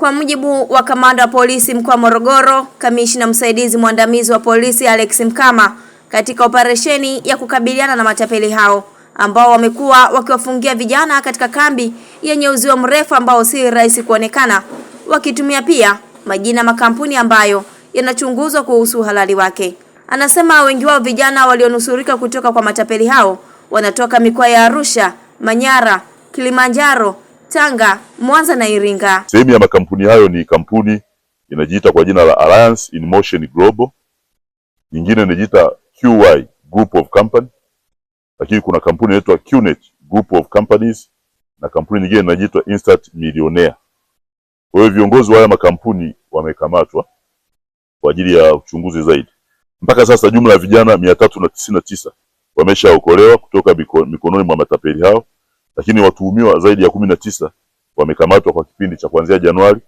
Kwa mujibu wa kamanda wa polisi mkoa Morogoro, kamishina msaidizi mwandamizi wa polisi Alex Mkama, katika operesheni ya kukabiliana na matapeli hao ambao wamekuwa wakiwafungia vijana katika kambi yenye uzio mrefu ambao si rahisi kuonekana, wakitumia pia majina makampuni ambayo yanachunguzwa kuhusu uhalali wake. Anasema wengi wao vijana walionusurika kutoka kwa matapeli hao wanatoka mikoa ya Arusha, Manyara, Kilimanjaro Tanga, Mwanza na Iringa. Sehemu ya makampuni hayo ni kampuni inajiita kwa jina la Alliance in Motion Global, nyingine inajiita QY Group of Company, lakini kuna kampuni inaitwa QNet Group of Companies na kampuni nyingine inajiitwa Instant Millionaire. Kwa hiyo viongozi wa haya makampuni wamekamatwa kwa ajili ya uchunguzi zaidi. Mpaka sasa jumla ya vijana mia tatu na tisini na tisa wameshaokolewa kutoka mikononi mwa matapeli hao lakini watuhumiwa zaidi ya kumi na tisa wamekamatwa kwa kipindi cha kuanzia Januari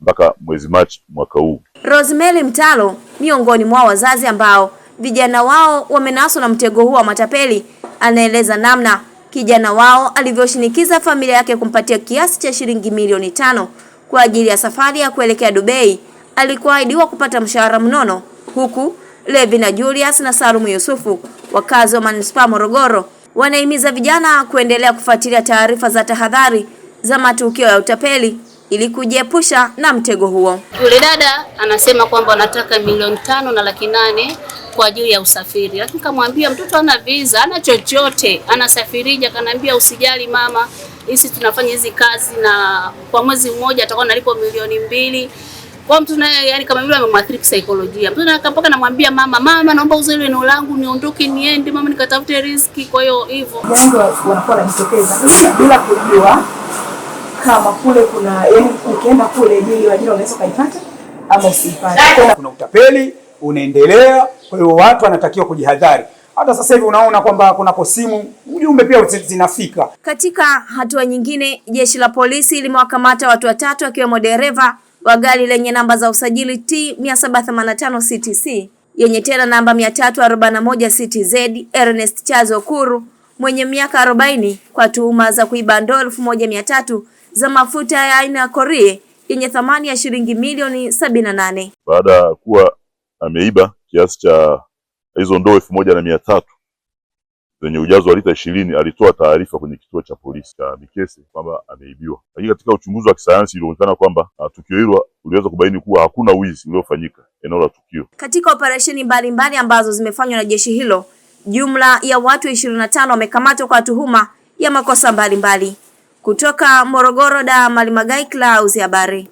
mpaka mwezi Machi mwaka huu. Rosemary Mtalo miongoni mwa wazazi ambao vijana wao wamenaswa na mtego huu wa matapeli, anaeleza namna kijana wao alivyoshinikiza familia yake kumpatia kiasi cha shilingi milioni tano kwa ajili ya safari ya kuelekea Dubai alikuahidiwa kupata mshahara mnono, huku Levi na Julius na Salumu Yusufu wakazi wa manispaa Morogoro wanahimiza vijana kuendelea kufuatilia taarifa za tahadhari za matukio ya utapeli ili kujiepusha na mtego huo. Yule dada anasema kwamba wanataka milioni tano na laki nane kwa ajili ya usafiri, lakini kamwambia mtoto ana visa, ana chochote, anasafirija. Kanaambia usijali mama, sisi tunafanya hizi kazi na kwa mwezi mmoja atakuwa nalipo milioni mbili. Kwa mtu na yani kama vile amemwathiri kisaikolojia. Mtu anakaa mpaka namwambia mama, mama naomba uze ile eneo langu niondoke niende mama nikatafute riziki. Kwa hiyo hivyo. Wengi wanakuwa wanajitokeza bila kujua kama kule kuna yani ukienda kule je, wajira unaweza kaipata ama usipate. Kuna utapeli unaendelea, kwa hiyo watu wanatakiwa kujihadhari. Hata sasa hivi unaona kwamba kunako simu ujumbe pia zinafika. Katika hatua nyingine, jeshi la polisi limewakamata watu watatu akiwemo dereva wa gari lenye namba za usajili T 785 CTC yenye tena namba 341 CTZ Ernest Chazo Kuru mwenye miaka 40 kwa tuhuma za kuiba ndoo tatu za mafuta ya aina ya korie yenye thamani ya shilingi milioni 78 baada ya kuwa ameiba kiasi cha hizo ndoo elfu moja na mia tatu zenye ujazo wa lita ishirini alitoa taarifa kwenye kituo cha polisi cha Mikese kwamba ameibiwa. Lakini katika uchunguzi wa kisayansi ilionekana kwamba ah, tukio hilo uliweza kubaini kuwa hakuna wizi uliofanyika eneo la tukio. Katika operesheni mbalimbali ambazo zimefanywa na jeshi hilo, jumla ya watu ishirini na tano wamekamatwa kwa tuhuma ya makosa mbalimbali Kutoka Morogoro, da Malimagai Clouds, habari.